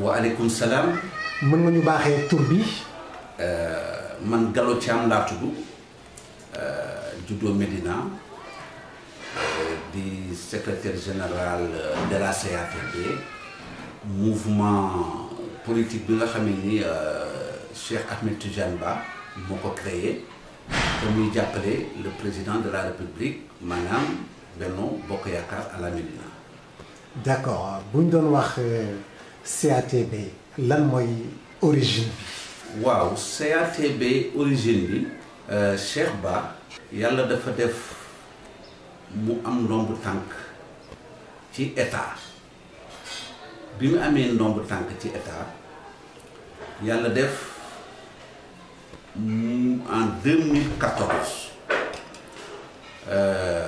waaleykum salaam. mën nga ñu baaxee turbi bi. Euh, man Gallo Thiam laa tudd euh, juddoo Medina euh, di secrétaire général de la CATB mouvement politique bi nga xam ne ni Cheikh Ahmed Tidiane Ba moo ko créé te muy jàppale le président de la République maanaam Benno Bokk Yaakaar à d'accord bu ñu doon wax. CATB lan mooy origine bi. waaw CATB origine bi. Euh, Cheikh Ba. yàlla dafa def mu am ndombu tànk ci état bi mu amee ndombu tànk ci état yàlla def mu en 2014 euh,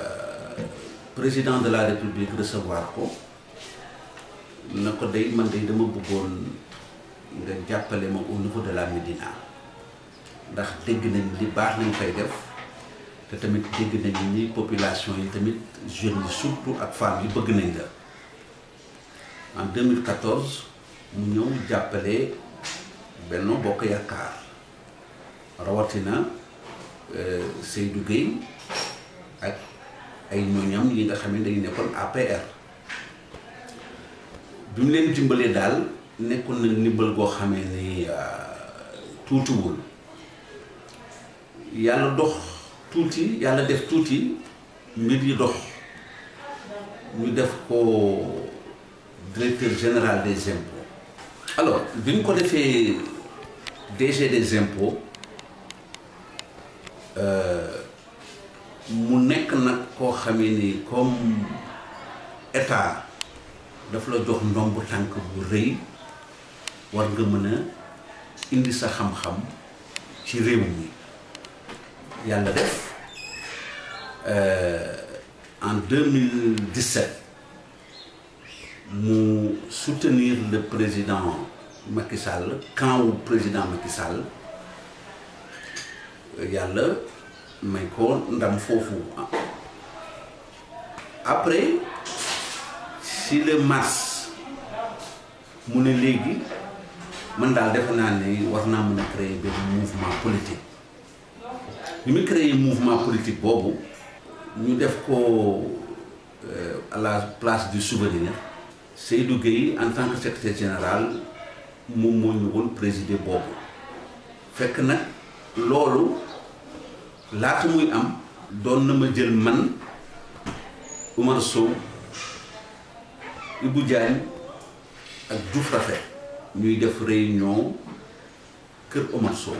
président de la république recevoir ko. na ko day man day dama bëggoon nga jàppale ma au niveau de la Médina ndax dégg nañ li baax nañ koy def te tamit dégg nañ ni population yi tamit jeunes yi surtout ak femmes yi bëgg nañ la en 2014 mu ñëw jàppale Benno Bokk Yaakaar rawatina euh, Seydou Gueye ak ay ñooñam yi nga xam ne nekkoon APR. bi mu leen dimbalee daal nekkoon na ndimbal goo xamee ni euh, tuutiwul yàlla dox tuuti yàlla def tuuti mbir yi dox ñu def ko directeur général des impôts alors bi ñu ko defee DG des impôts euh, mu nekk nag koo xamee ni comme état daf la jox ndomb tànk bu rëy war nga mën a indi sa xam-xam ci réew mi yàlla def euh, en 2017 mu soutenir le président Macky Sall président Macky Sall yàlla may ko ndam foofu après ci le mars mu ne léegi man daal defe naa ni war naa mën a créer benn mouvement politique bi mu créer mouvement politique boobu ñu def ko euh, à la place du souvenir Seydou Gueye en tant que secrétaire général moom moo ñu woon présider boobu fekk na loolu laata muy am doon na ma jël man Oumar Sow Ibou Diagne ak Diouf Raffet ñuy def réunion kër Omar Sow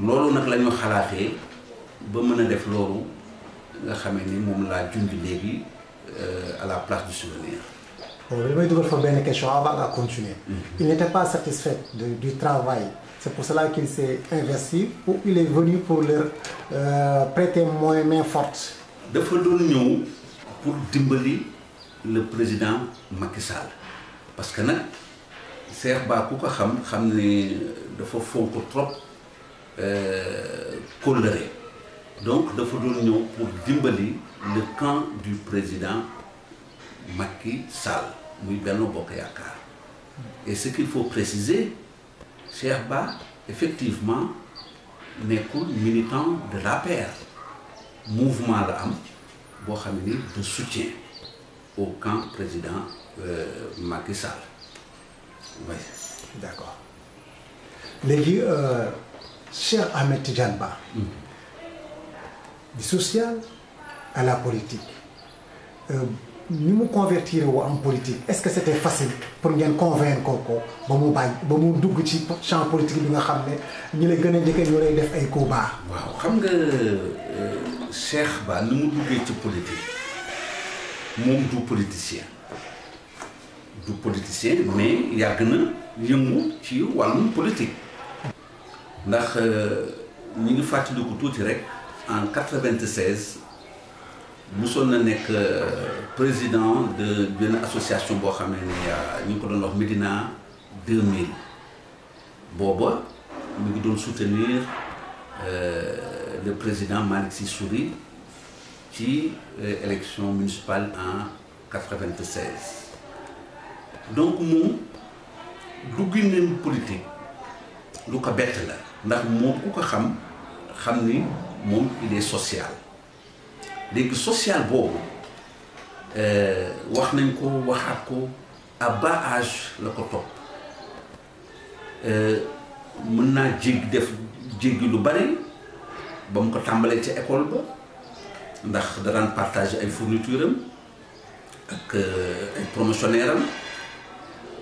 loolu nag la xalaatee ba mën a def loolu nga xamee ni moom laa junj léegi euh, à la place du souvenir. li may dugal foofu benn question avant nga continuer. Mm-hmm. il n'était pas satisfait de, du travail. c'est pour cela qu'il s'est investi ou il est venu pour leur euh, prêter main forte. dafa doon ñëw pour dimbali. le président Macky Sall parce que nag Cheikh Ba ku ko xam xam ni dafa fonk trop euh, kóllëre donc dafa doon ñëw pour dimbali le camp du président Macky Sall muy benn Bokk Yaakaar et ce qu'il faut préciser Cheikh Ba effectivement nekkul militant de l'APR mouvement la am boo xam ne de soutien au camp président euh, Macky Sall. oui. accord léegi euh, Cheikh Ahmed Tidiane Ba. Mm. du social à la politique. Euh, ni mu convertir wu en politique est ce que c' était facile pour ngeen convaincre ko ba mu bàyyi ba mu dugg ci champ politique bi nga xam ne ñi lay gën a njëkkee ñoo lay def ay coups bas. waaw xam nga euh, Cheikh Ba ni mu duggee ci politique. moom du politicien du politicien mais yàgg na yëngu ci wàllum politique. ndax euh, ñi ngi fàttaliku tuuti rek en quatre-vingt-seize mosoon na nekk euh, président de benn association boo xam ne euh, ñu ngi ko doon wax Médina 2000 booba ñu ngi doon soutenir le président Malick Sy Souris. ci euh, élection municipale en 96 donc moom dugginam politique lu ko bett la ndax moom ku ko xam xam ni moom il est social léegi social boobu euh, wax nañ ko waxaat ko ab bas âge la ko topp euh, mën naa jéggi def jéggi lu bari ba mu ko tàmbalee ca école ba ndax da daan partager ay fourniture am ak euh, ay promotionnaire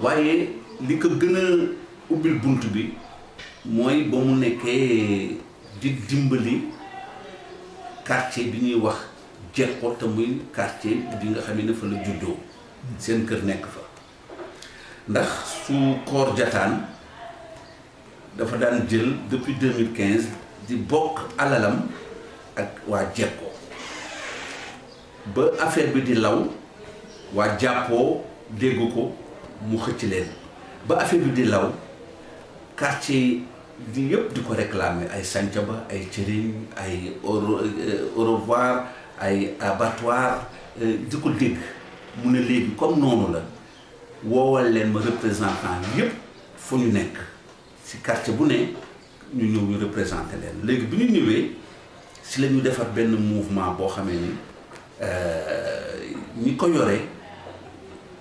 waaye li ko gën a ubbil bunt bi mooy ba mu nekkee di dimbali quartier bi ñuy wax Jekko te muy quartier bi nga xam ne fa la juddoo seen kër nekk fa ndax su koor jataan dafa daan jël depuis 2015 di bokk alalam ak waa Jekko ba affaire bi di law waa jàppoo dégg ko mu xëcc leen ba affaire bi di law quartier di yëpp di ko réclamer ay Santhiaba ay Thieling ay Au euh, Revoir ay abattoir euh, di ko dégg mu ne léegi comme noonu la woowal leen ma représentant yëpp fu ñu nekk ci quartier bu ne ñu ñëw ñu représenté leen léegi bi ñu ñëwee si la ñu defar benn mouvement boo xamee ni ñi ko yore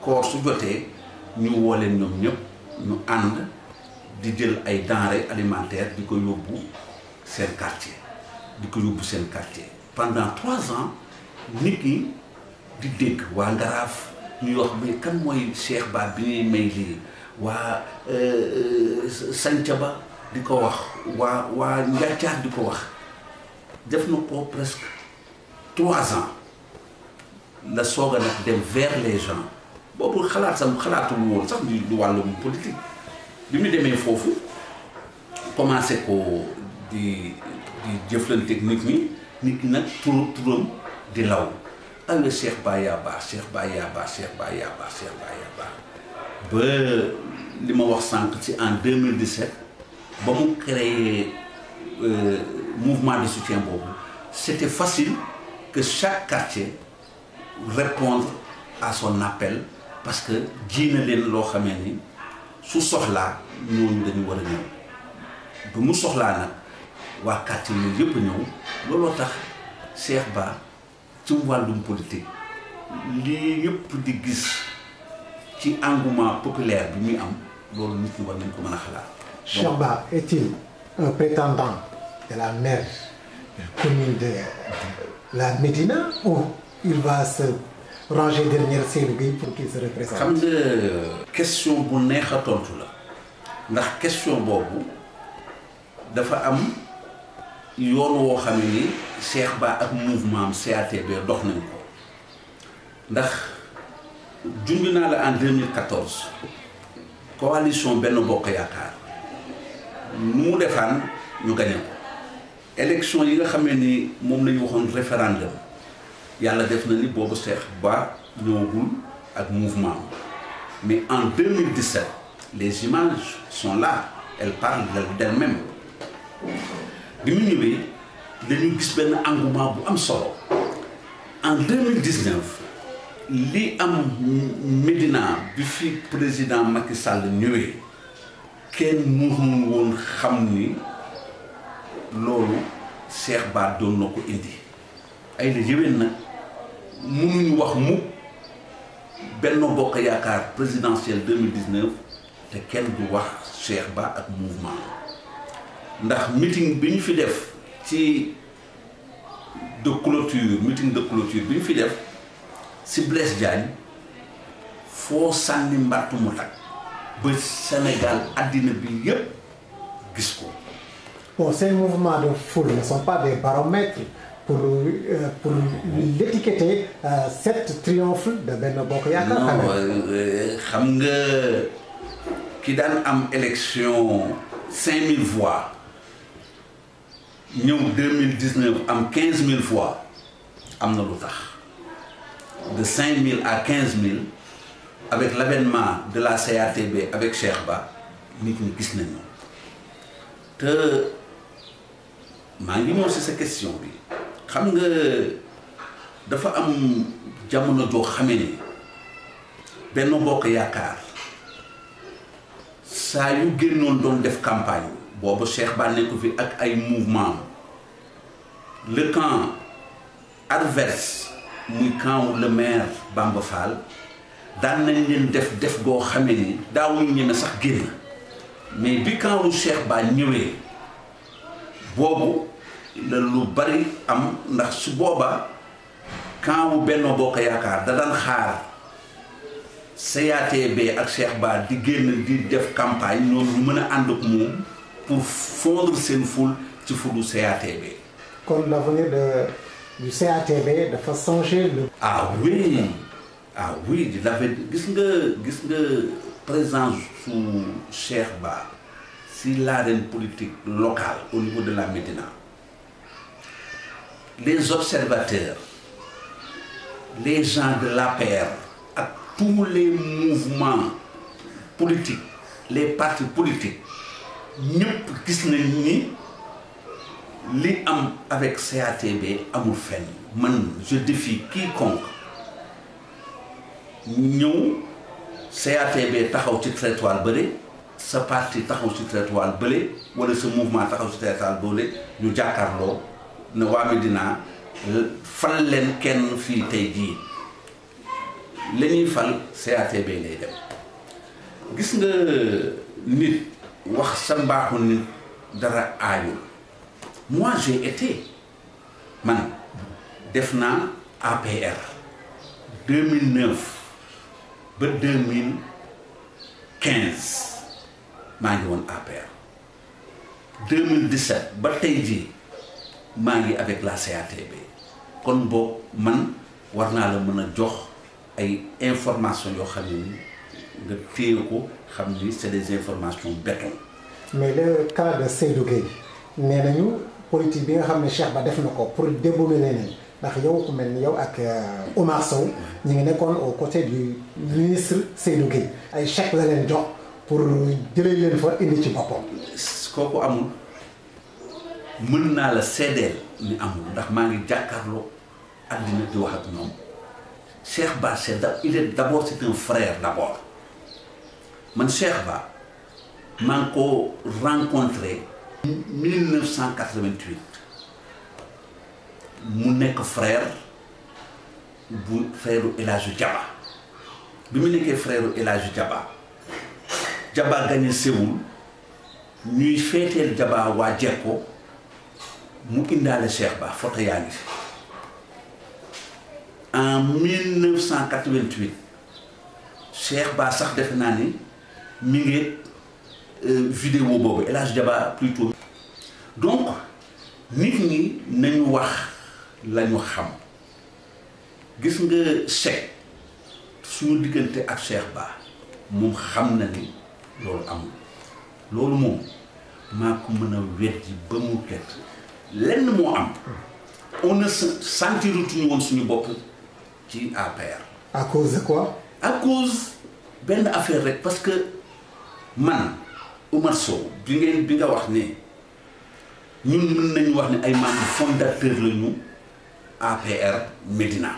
koor su jotee ñu woo leen ñoom ñëpp ñu ànd di jël ay denrées alimentaire di ko yóbbu seen quartier di ko yóbbu seen quartier pendant trois ans nit ñi di dégg waa Ngaraaf ñuy wax mais kan mooy Cheikh Ba bi ñuy may lii waa euh, euh, Sanca Ba di ko wax waa waa Njaacaar di ko wax def na ko presque trois ans la soog a nag dem vers les gens boobu xalaat sam xalaatul woon sax du di wàllum politique bi mu demee foofu commencé ko di di jëflanteeg nit ñi nit ñi nag tur turam di law aywa Cheikh Ba yaa baax Cheikh Ba yaa baax Cheikh Ba yaa baax Ba li ma wax sànq ci en 2017 ba mu créé euh, mouvement de soutien boobu c'était facile que chaque quartier répondre à son appel parce que ji na leen loo xamee ni su soxlaa ñooñu dañu war a ñëw ba mu soxlaa nag waa quartier yooyu yëpp ñëw looloo tax Cheikh Ba ci wàllum politique lii yëpp di gis ci engouement populaire bi muy am loolu nit ñi war nañ ko mën a xalaat. Cheikh Ba est prétendant la maire commune de la Médina il va se ranger derrière pour qu'il se xam nga question bu neex a tontu la ndax question boobu dafa am yoon woo xam ni Cheikh Ba ak mouvement am CATB dox nañ ko ndax junj naa la en 2014 coalition benn bokk yaakaar nu mu defaan ñu gañe ko élection yi nga xam ni moom la ñu waxoon référendum. yàlla def na ni boobu Cheikh Ba ñëwagul ak mouvement mais en les images sont là elles parlent d'elles-mêmes bi mu ñëwee dañu gis benn engouement bu am solo en li am Médina bi fi président Macky sàll ñëwee kenn mënul woon xam ni loolu Cheikh Ba doon na ko indi ay la yëwén nag mu mënuñu wax mu benn Bokk Yaakaar présidentielle 2019 te kenn bu wax Cheikh Ba ak mouvement ndax meeting bi ñu fi def ci de cloture mitin de clôture bi ñu fi def si Blaise foo sànni mbattu mu takk ba Sénégal àddina bi yépp gis ko. bon ces mouvements de foule ne sont pas des pour euh, pour l'étiqueter cet euh, triomphe de Benno Bokk Yaakaar. non euh, xam nga ki daan am élection 5000 voix ñëw 2019 am mille fois am na lu tax de 5000 à 15000 avec l'avènement de la CATB avec Cheikh Ba nit ñi gis nañu te maa ngi ñëw si sa question bi. xam nga dafa am jamono joo xame ni benn Bokk Yaakaar saa yu génnoon doon def campagne boobu Cheikh Ba nekk fi ak ay mouvement le camp adverse muy camp le maire Bamba Fall daan nañ def def goo xame ni daawuñu ñeme sax génn mais bi camp wu Cheikh ñëwee boobu la lu bari am ndax su booba camp wu Benno Bokk Yaakaar da daan xaar CATB ak Cheikh Ba di génn di def campagne ñoom mën a ànd ak moom pour fondre seen foule ci fulu CATB. kon l'avenir de du CATB dafa changer le. ah oui ah oui dafa gis nga gis nga présence su Cheikh Ba si l'arène politique locale au niveau de la Médina. les observateurs les gens de l'APR ak tous les mouvements politiques les partis politiques ñëpp gis nañ ni li am avec CATB amul fenn man je défie quiconque ñëw CATB taxaw ci trottoir bële sa parti taxaw ci trottoir bële wala sa mouvement taxaw ci trottoir bële ñu jàkkaarloo ne waa Medina fal leen kenn fii tey jii la ñuy fal CATB lay dem gis nga nit wax sa mbaaxu nit dara aayul moi été man def naa APR 2009 ba 2015 maa ngi woon APR ba tey jii maa ngi avec la bi kon boo man war naa la mën a jox ay information yoo xam ne nga téye ko xam ni c'est des informations béton mais le cas de Seydou Gueye nee nañu politique bi nga xam ne Cheikh Ba def na ko pour débouler leneen ndax yow ku mel ni yow ak euh, Omar Sow ñu ngi nekkoon au côté du ministre Seydou Gueye ay chèque la leen jox pour jëlee leen fa indi ci boppam kooku amul mën naa la seedeel ni amul ndax maa ngi jàkkarloo àddina di wax ak ñoom Cheikh Ba c'est il est d'abord c'est un frère man Cheikh Ba maa ngi ko rencontré 1988 mu nekk frère bu frère u El bi mu nekkee frère u El jaba Diaba Diaba gagné Séoul ñuy feeteel Diaba waa Jekko mu indaale Cheikh Ba photo yaa ngi fi en 1988 Cheikh Ba sax defe naa ni mi ngi euh, vidéo boobu El Hadj Daba plutôt. donc nit ñi nañu wax la ñu xam gis nga Cheikh suñu diggante ak Cheikh Ba moom xam na ni loolu amul loolu moom maa ko mën a weddi ba mu tett lenn moo am on ne se woon suñu bopp ci APR. à cause de benn affaire rek parce que man Oumar Sow bi ngeen bi nga wax ne ñun mën nañu wax ne ay membres fondateurs lañu APR Médina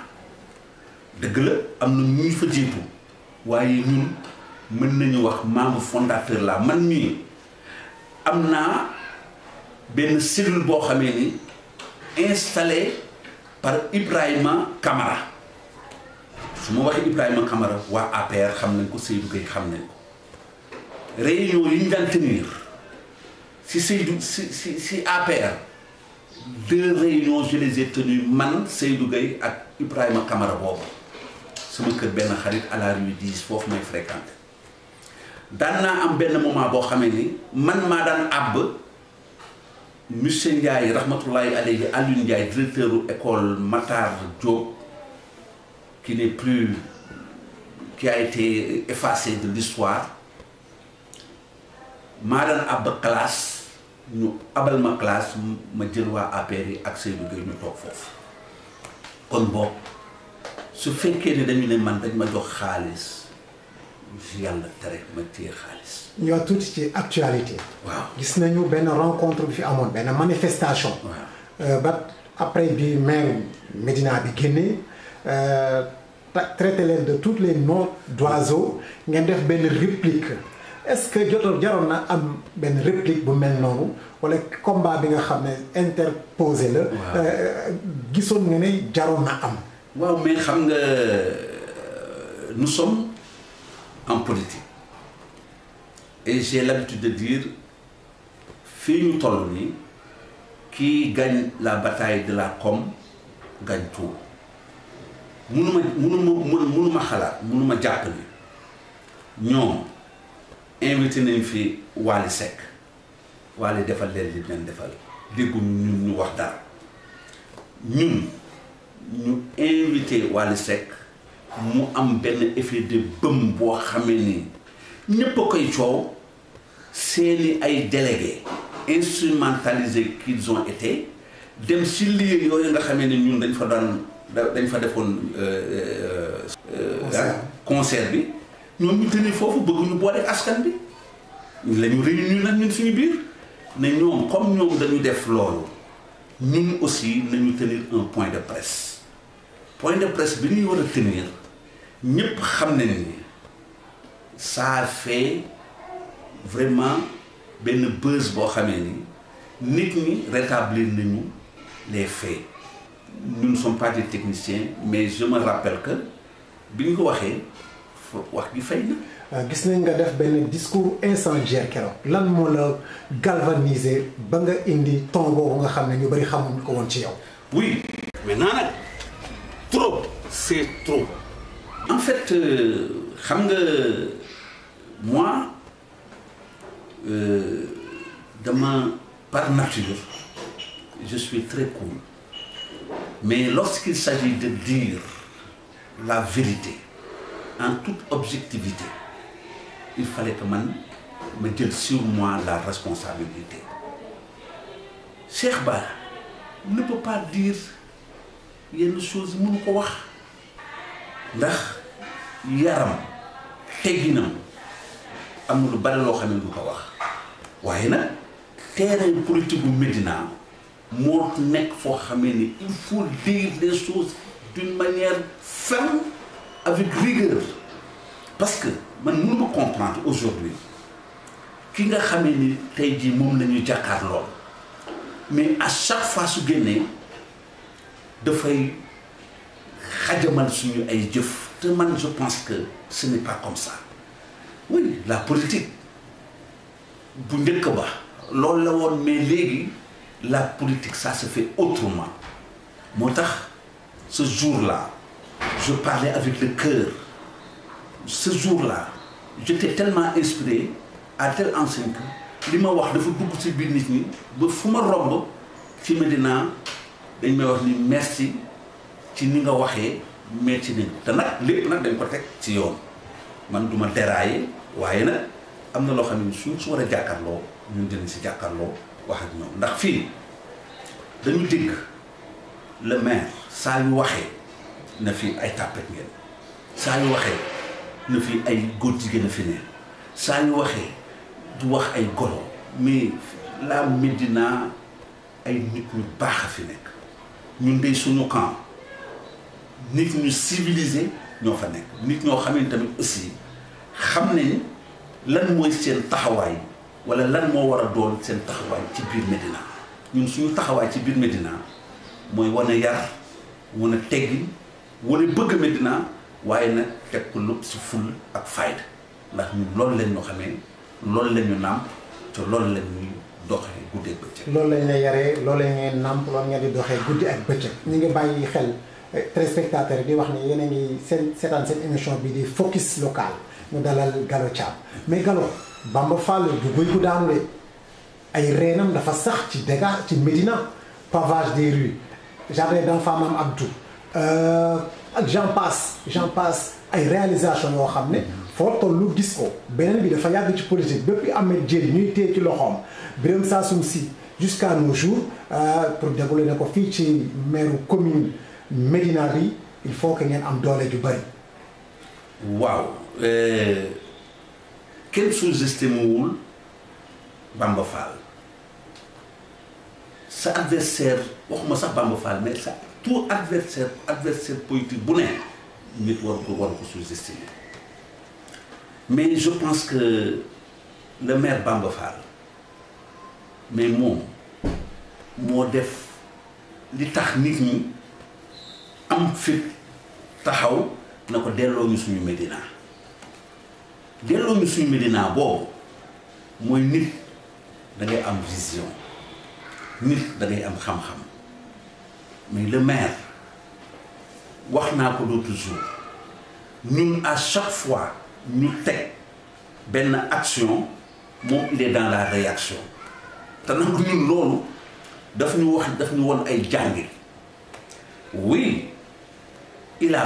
dëgg la am na ñuy fa jiitu waaye ñun mën nañu wax membre fondateur la man mii am naa. benn cellule boo xamee ni installé par Ibrahima Kamara su ma waxee Ibrahima Kamara waa APR xam nañ ko Seydou Gueye xam nañ ko réunion yi ñu daan tenir si Seydou si si si APR deux réunions je les man Seydou Gueye ak Ibrahima Kamara boobu sama kër benn xarit à la rue 10 foofu may fréquenté daan naa am benn moment boo xamee ni man maa daan àbb monsieur Ndiaye rahmatullahi alayhi Alioune Ndiaye directeur école Matar Diop qui n'est plus qui a été effacé de l'histoire maa daan àbb classe ñu abal ma classe ma jël waa APR yi ak Seydou Gueye ñu toog foofu kon boobu su fekkee ni dañu ne man dañ ma jox xaalis lu fi yàlla tere ma téye xaalis. ñoo tuuti ci actualité. gis nañu benn rencontre bi fi amoon benn manifestation. waaw euh, ba après bi maire Médina bi génnee euh, traité leen de toutes les noms d'oiseaux ngeen def benn réplique est-ce que jotoon jaroon na am benn réplique bu mel noonu wala combat bi nga xam ne interposé la. Euh, gisoon nga ne jaroon na am. waaw mais xam nga nous sommes. en politique et j'ai l'habitude de dire fii ñu toll nii qui gagne la bataille de la com gagne tout munuma munuma munuma xalaat munuma jàpp ni ñoom invité nañ fi Wally Seck Wally defal leen li leen defal dégguñ ñun ñu wax dara ñun ñu invité Wally Seck mu am benn effet de bëm boo xamee ni ñépp a koy coow seeni ay délégués instrumentalisés qu'ils ont été dem si lieu yooyu nga xamee ni ñun dañ fa daan dañ fa defoon euh, euh, concert bi ñoom ñu tëni foofu bëgguñu boo boole askan bi la ñu réunir nag ñun suñu biir ne ñoom comme ñoom dañu def loolu ñun aussi nañu tenir un point de presse point de presse bi ñuy war a tenir ñëpp xam ne ni ça fait vraiment benn buzz boo xamee ni nit ñi rétablir nañu les faits nous ne sommes pas des mais je me rappelle que bi ñu ko waxee wax gi fay na. Euh, gis nañ nga def benn discours incendiaire keroog lan moo la galvaniser ba nga indi ton boobu nga xam ne ñu bari xamuñ ko woon ci yow. oui mais naa nag trop c'est trop. en fait euh, xam nga moi euh, dama par nature je suis très cool mais lorsqu'il s'agit de dire la vérité en toute objectivité il fallait que man ma jël sur moi la responsabilité Cheikh Bara ne peut pas dire yenn choses mënu ko wax ndax yaram tegginam am na lu bari loo xam ne du ko wax waaye nag terrain politique bu Médina moo nekk foo xamee ni il faut dire les choses d'une manière ferme avec rigueur parce que man mënu ma comprendre aujourd'hui ki nga xamee ni tey jii moom la ñu jàkkaar lool mais à chaque fois su génnee dafay xajamal suñu ay jëf te man je pense que ce n'est pas comme ça oui la politique bu njëkk ba loolu la woon mais léegi la politique ça se fait autrement moo tax ce jour la je parlais avec le cœur ce jour-là j'étais tellement inspiré à telle enseigne que li ma wax dafa dugg ci biir nit ñi ba fu ma romb fi ma dinaa dañ may wax ni merci ci ni nga waxee metti nañ te nag lépp nag dañ ko teg ci yoon man du ma waaye na am na loo xam ne suñ su war a jàkkaarloo ñun dinañ si jàkkaarloo wax ak ñoom ndax fii dañu dégg le maire saa yu waxee na fii ay tàppet ngeen saa yu waxee ay góor jigéen fi ne waxee du wax ay golo mais la Médina ay nit ñu baax a fi nekk ñun dey suñu camp nit ñu civilisé ñoo fa nekk nit ñoo xam ne tamit aussi xam ne lan mooy seen taxawaay wala lan moo war a doon seen taxawaay ci biir Médina ñun suñu taxawaay ci biir Médina mooy wane yar wane teggi wane bëgg Médina waaye nag teg ko lépp si ful ak fayda ndax ñun loolu leen ñu xamee loolu leen ñu nàmp te loolu leen ñuy doxee guddi ak bëccëg. loolu lañ la yaree loolu la ñuy nàmp loolu ngeen di doxee guddi ak bëccëg. ñu ngi bàyyi xel. téléspectateurs yi di wax ni yéen ngi seen seetaan seen émission bi di focus local ñu dalal Gallo Thiam mais galo Bamba Fall du guy gu daanu de ay reenam dafa sax ci Dega ci Médina pavage des rues jardin d'enfants Mame Abdou euh, ak j'en passe j'en ay réalisation yoo xam ne foo lu gis ko beneen bi dafa yàgg ci politique bépp amee Diéry ñuy téye ci loxoom Birame Sassoum Sy jusqu'à nos jours euh, pour développer na ko fii ci maire commune Médina bi il faut que ngeen am doole ju bari. waaw eh, kenn sous-estimé wul Bamba Fall sa adversaire waxuma sax Bamba Fall mais sa tout adversaire adversaire politique bu ne nit war ko war mais je pense que le maire Bamba Fall mais moom moo def li tax nit ñi. am fit taxaw na ko delloo ñu suñu Médina delloo ñu suñu Médina boobu mooy nit dangay am vision nit da ngay am xam-xam mais le maire wax naa ko l'autre jour ñun à chaque fois ñu teg benn action moom il est dans la réaction te nag ñun loolu daf ñu wax daf ñu won ay jàngir oui il a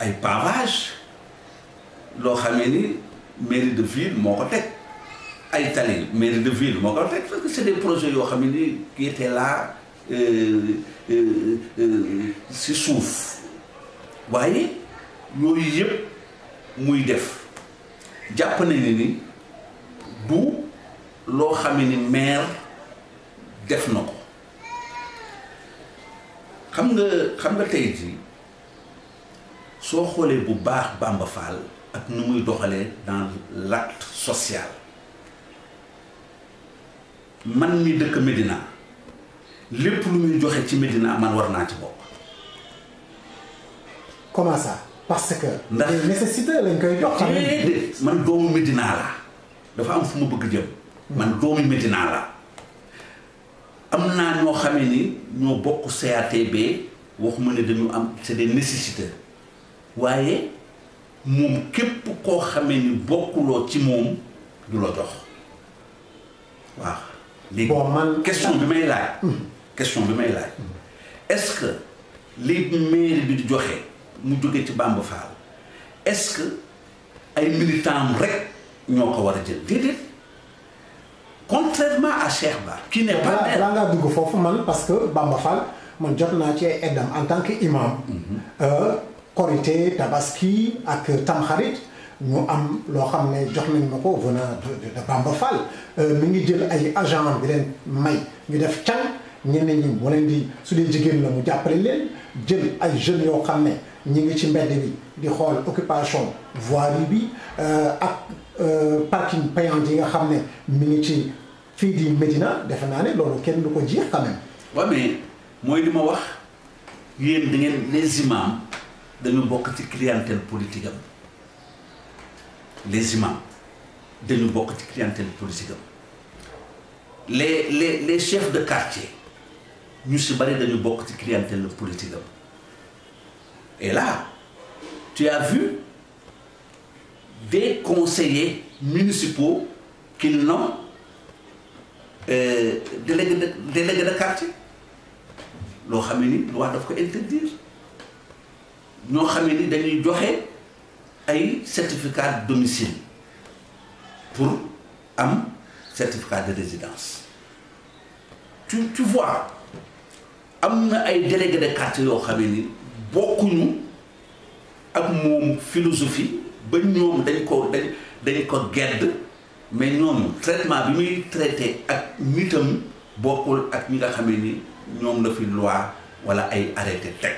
ay pavage loo xamee ni mairie de ville moo ko teg ay tali mairie de ville moo ko teg parce que c'est des projets yoo xam ne ni qui étaient euh, euh, euh, si suuf waaye yooyu yëpp muy def jàpp nañu ni bu loo xam ne ni maire def na ko xam nga xam nga tey jii soo xoolee bu baax Bamba Fall ak nu muy doxalee dans l'acte social man mi dëkk Médina lépp lu muy joxe ci Médina man war naa ci bokk. comment ça que. ndax nécessité lañ koy jox. man doomu Médina laa dafa am fu ma bëgg jëm. man doomu Médina laa. am naa ñoo xamee ni ñoo bokk CATB waxuma ne dañu am c'est des nécessités waaye moom képp koo xamee ni bokkuloo ci moom du la jox waaw. léegi man question bi may laaj. Hmm. question bi may laaj est-ce que li mairie bi di joxe mu jóge ci Bamba Fall est-ce que ay militants rek ñoo ko war a jël déedéet. contrairement à Cheikh Ba. qui n'est pas maire la ngaa dugg foofu man parce que Bamba Fall man jot naa ci eddam en tant que imam. Mhm. Euh, korite tabaski ak tamxarit ñu am loo xam ne jox nañ ma ko venant de Bamba Fall euh, mi ngi jël ay agent bi leen may ñu def can ñeneen ñi mu leen di su dee jigéen la mu jàppale leen jël ay jeunes yoo xam ne ñi ngi ci mbedd ni di xool occupation voirie bi euh, ak. Euh, parking payant yi nga xam ne mi ngi ci fii di Médina defe naa ne loolu kenn du ko jiix quand même. waaw mooy li ma wax yéen da ngeen les imams dañu bokk ci clientèle politique am les imams dañu bokk ci clientèle politique am les les les chefs de quartier ñu si bari dañu bokk ci clientèle politique am tu as vu. des conseillers municipaux qu'ils nomment euh, délégués de délégués de quartier loo xam ne ni wax daf ko interdire ñoo xam ne ni dañuy joxe ay certificat de domicile pour am certificat de résidence tu tu vois am na ay délégués de quartier yoo xam ne ni bokkuñu ak moom philosophie. ba ñoom dañ ko dañ dañ ko gedd mais ñoom traitement bi muy traité ak nitam bokkul ak ñi nga xamee ni ñoom la fi loi wala ay arrêté teg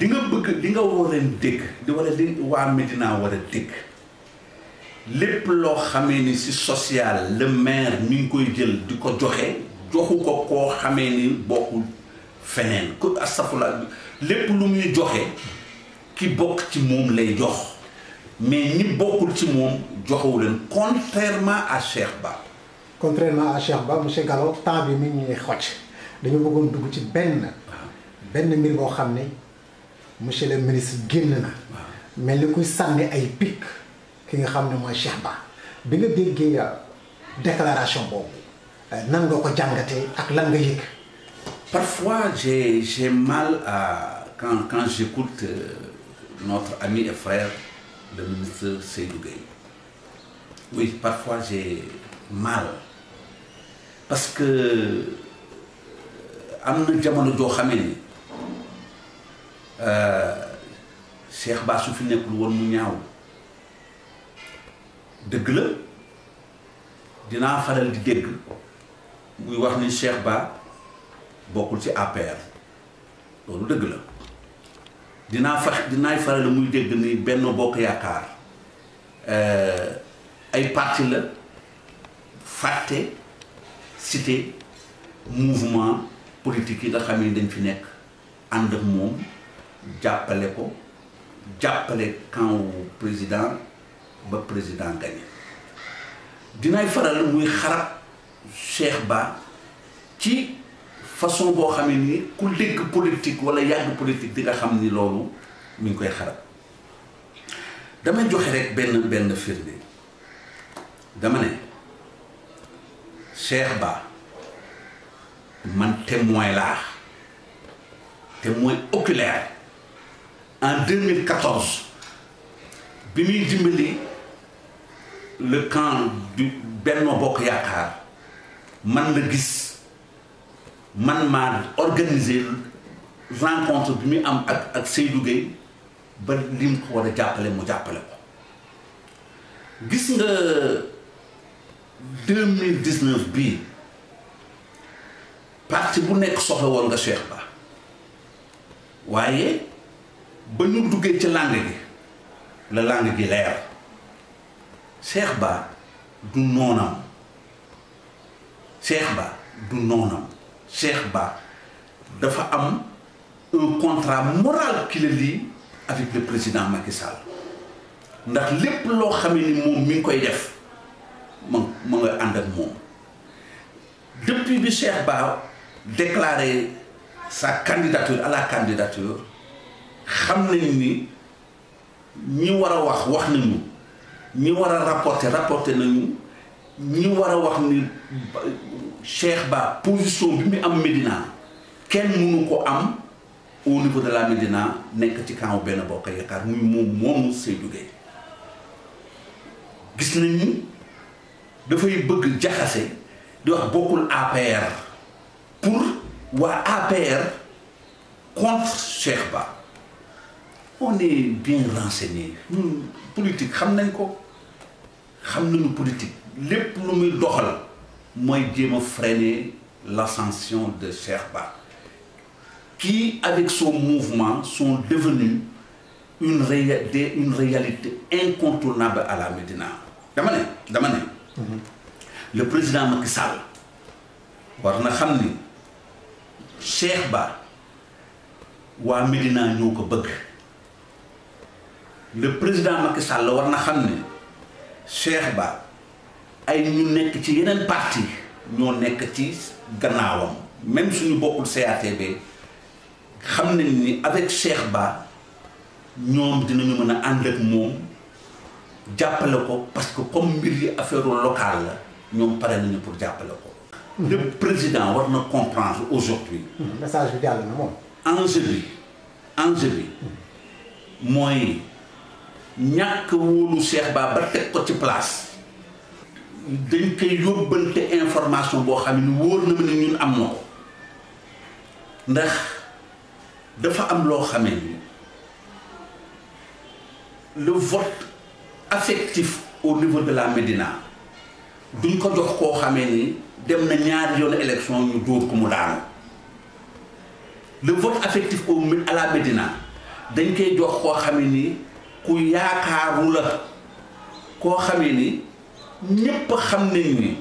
li nga bëgg li nga war a dégg di wala li waa Médina war a dégg lépp loo xamee ni si social le maire mi koy jël di ko joxe joxu ko koo xamee ni bokkul feneen ku astafurlah lépp lu muy joxe ki bokk ci moom lay jox mais ñi bokkul ci moom joxewu leen contrairement à Cheikh Ba. contrairement à Cheikh Ba monsieur Gallo temps bi mi ñuy xocc dañu bëggoon dugg ci benn benn mbir boo xam ne monsieur le ministre génn na mais kuy sànni ay pic ki nga xam ni mooy Cheikh Ba bi nga déggee euh, déclaration boobu euh, nan nga ko jàngatee ak lan nga yëg. parfois j'ai j'ai mal à quand quand j'écoute. Euh, notre ami et frère, le ministre Seydou Gueye. Oui, mal. Parce que euh, am na jamono joo xamee ni euh, Cheikh Ba su fi nekkul woon mu ñaaw dëgg la dinaa faral di dégg muy wax ni Cheikh Ba bokkul ci APR loolu dëgg la dinaa fa dinaay faral muy dégg ni benn bokk yaakaar euh, ay parti la fàtte cité mouvement politique yi nga xam ne dañ fi nekk ànd ak moom jàppale ko jàppale camp wu président ba président gagné dinaay faral muy xarab Cheikh Ba ci façon boo xamee ni ku dégg politique wala yàgg politique di nga xam ni loolu mi ngi koy xarab dama joxe rek benn benn firni dama ne Cheikh Ba man témoin te témoin oculaire en 2014 bi muy dimbali le camp du Benno Bokk Yaakaar man la gis. man maa organiser rencontre bi muy am ak ak Seydou Gueye ba lim ko war a jàppale mu jàppale ko gis nga deux mille dix neuf bii parti bu nekk soxla woon nga Cheikh Ba waaye ba ñu duggee ci langue gi la langue gi leer Cheikh Ba du noonam Cheikh Ba du noonam Cheikh Ba dafa am un contrat moral qui le lie avec le président Macky ndax lépp loo xamee ni moom mi ngi koy def ma ma nga ànd ak moom depuis bi Cheikh Ba déclaré sa candidature à la xam nañ ni ñi war a wax wax nañu ñi war a rapporter rapporter nañu ñi war a wax ni Cheikh Ba position bi mu am Médina kenn mënu ko am au niveau de la Médina nekk ci camp benn bokk yaakaar muy moom moomu Seydou Gueye gis nañ ni dafay bëgg jaxase di wax bokkul APR pour waa APR contre Cheikh Ba on est bien renseigné ñun hmm, politique xam nañ ko xam nañu politik lépp lu muy doxal. mooy jéem a freiner l'ascension de Cheikh Ba kii avec son mouvement sont devenus une réalité une réalité incontournable à la Médina dama ne dama ne mm-hmm. le président Macky Sall war na xam ni Cheikh Ba waa Médina ñoo ko bëgg le président Macky Sall war na xam ni Cheikh Ba ay ñu nekk ci yeneen parti ñoo nekk ci gannaawam même suñu bokkul CATB xam nañ ni avec Cheikh Ba ñoom dinañu mën a ànd ak moom jàppale ko parce que comme mbir yi affaire local la ñoom pare nañu pour jàppale ko. Mm-hmm. le président war na comprendre aujourd'hui mm-hmm. message bi jàll moom. enjeu bi bi mm-hmm. mooy ñàkk wóolu Cheikh Ba ba teg ko ci place. dañ koy yóbbante information boo xam ne wóor na ma ñun am na ndax dafa am loo xamee ni le vote affectif niveau de la Médina duñ ko jox koo xamee ni dem na ñaari yoon élection ñu dóor ko mu daanu le vote affectif au dañ koy jox koo xamee ni ku yaakaaru la koo xamee ni ñépp xam nañ ni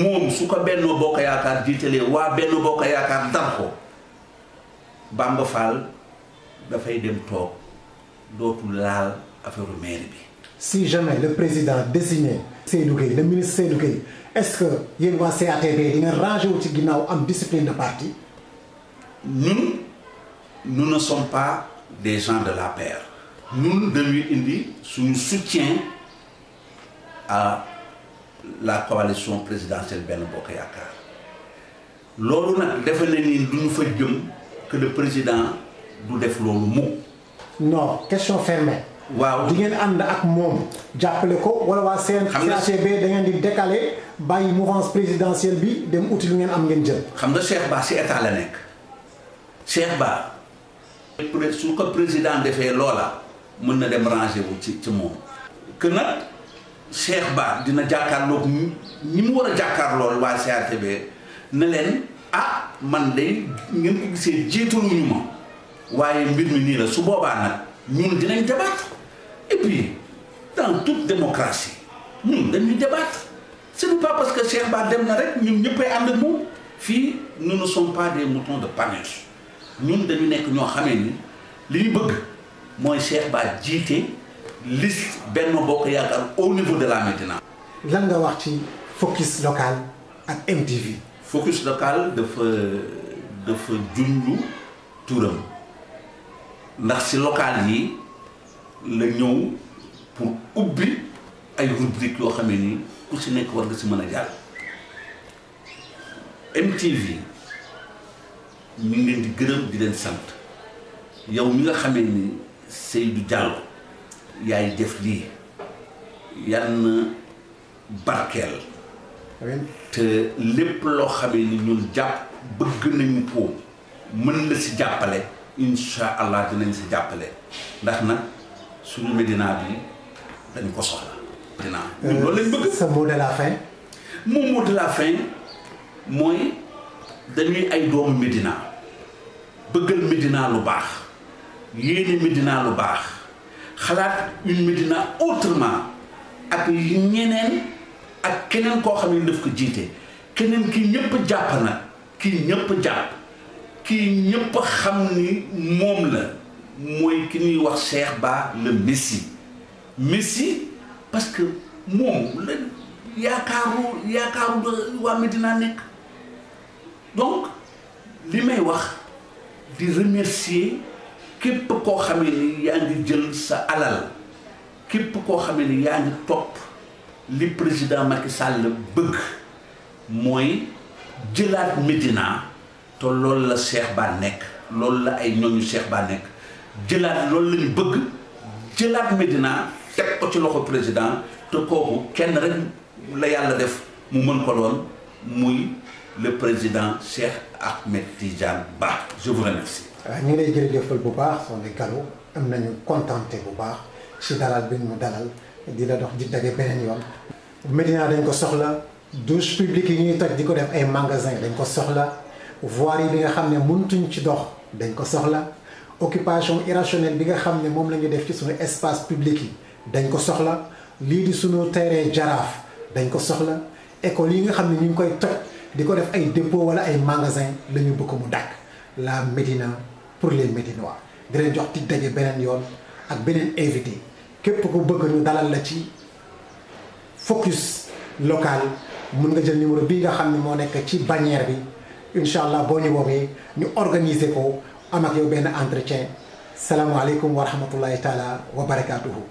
moom su ko Benno Bokk Yaakaar jiitalee waa Benno Bokk Yaakaar dar ko Bamba Fall dafay dem toog dootul laal affaire maire bi. si jamais le président désigné Seydou Gueye le ministre Seydou est-ce que yéen waa CATB di nga rangé wu ci ginnaaw am discipline de parti. ñun nous ne sommes pas des gens de la paire. ñun dañuy indi suñu soutien la coalition présidentielle benn bokk yaakaar loolu nag defe na ni du ñu fa jëm que le président du def loolu mukk non question fermée. waaw di ngeen ànd ak moom jàppale ko wala waa CNCHB da ngeen di décaler bàyyi mouvance présidentielle bi dem uti lu ngeen am ngeen jëm xam nga Cheikh Ba si état la nekk Cheikh Ba. su ko président defee loola mën na dem ranger wu ci ci moom. que nag. Cheikh Ba dina jàkkaarloog ñi mu war a jàkkaarlool waa CRTB ne leen a ah, man day ngeen ko gisee jiitaluñu ma waaye mbir mi nii la su boobaa nag ñun dinañ débattre et puis dans toute ñun dañuy débattre ce n'est pas parce que Cheikh Ba dem na rek ñun ñëppay ànd ak moom fii nous ne sommes pas des de Panurge ñun dañu nekk ñoo xamee ni li ñu bëgg mooy Cheikh Ba jiite. liste Benno Bokk Yaakaar au de la Médina. lan nga wax ci focus local ak MTV. focus local dafa dafa junju turam ndax ci local yi la ñëw pour ubbi ay rubrique yoo xam ne nii ku ci nekk war nga ci mën a jàll. MTV ñu ngi leen di gërëm di leen sant yow mi nga xamee ni Seydou Diallo. yaay def lii yan na barkeel te lépp loo xamee ni ñun jàpp bëgg nañu ko mën la si jàppale insha allah dinañ si jàppale ndax nag suñu Médina bi dañ ko soxla Médina ñun loolu lañ bëgg euh, sa moom mot de fin mooy dañuy ay doomu Médina bëggal Médina lu baax yéene Médina lu baax xalaat une Médina autrement ak ñeneen ak keneen koo xam ne daf ko jiite keneen kii ñëpp jàpp na kii ñëpp jàpp kii ñëpp xam ni moom la mooy ki ñuy wax Cheikh Ba le Messi Messi parce que moom la yaakaaru yaakaaru waa Médina nekk donc li may wax di remercier képp koo xamee ni yaa ngi jël sa alal képp koo xamee ni yaa ngi topp li président Macky Sall bëgg mooy jëlaat Médina te loolu la Cheikh Ba nekk loolu la ay ñooñu Cheikh Ba nekk jëlaat loolu lañu bëgg jëlaat Médina teg ko ci loxo président te kooku kenn rek la yàlla def mu mën ko doon muy le président Cheikh Ahmed Tidiane Ba je waaw euh, ñu ngi lay jërëjëfal bu baax Soxna Gallo am nañu contenté bu baax ci dalal bi mu dalal di la dox di daje beneen yoon. Médina dañ ko soxla douche publique yi ñuy toj di ko def ay magasin dañ ko soxla voirie yi bi nga xam ne mëntuñ ci dox dañ ko soxla occupation irrationnelle bi nga xam ne moom la ñu def ci suñu espace public yi dañ ko soxla lii di suñu terrain jaraaf dañ ko soxla école yi nga xam ne ñu ngi koy toj di ko def ay dépôt wala ay magasin la ñu bëgg mu dàkk la Médina. pour les Médinois di leen jox ti daje beneen yoon ak beneen invité képp ku bëgg ñu dalal la ci focus local mun nga jël numéro bii nga xam ne moo nekk ci bannière bi incha allah boo ñu woowee ñu organiser ko am ak yow benn entretien salaamaaleykum wa rahmatullahi taala wa barakaatuhu.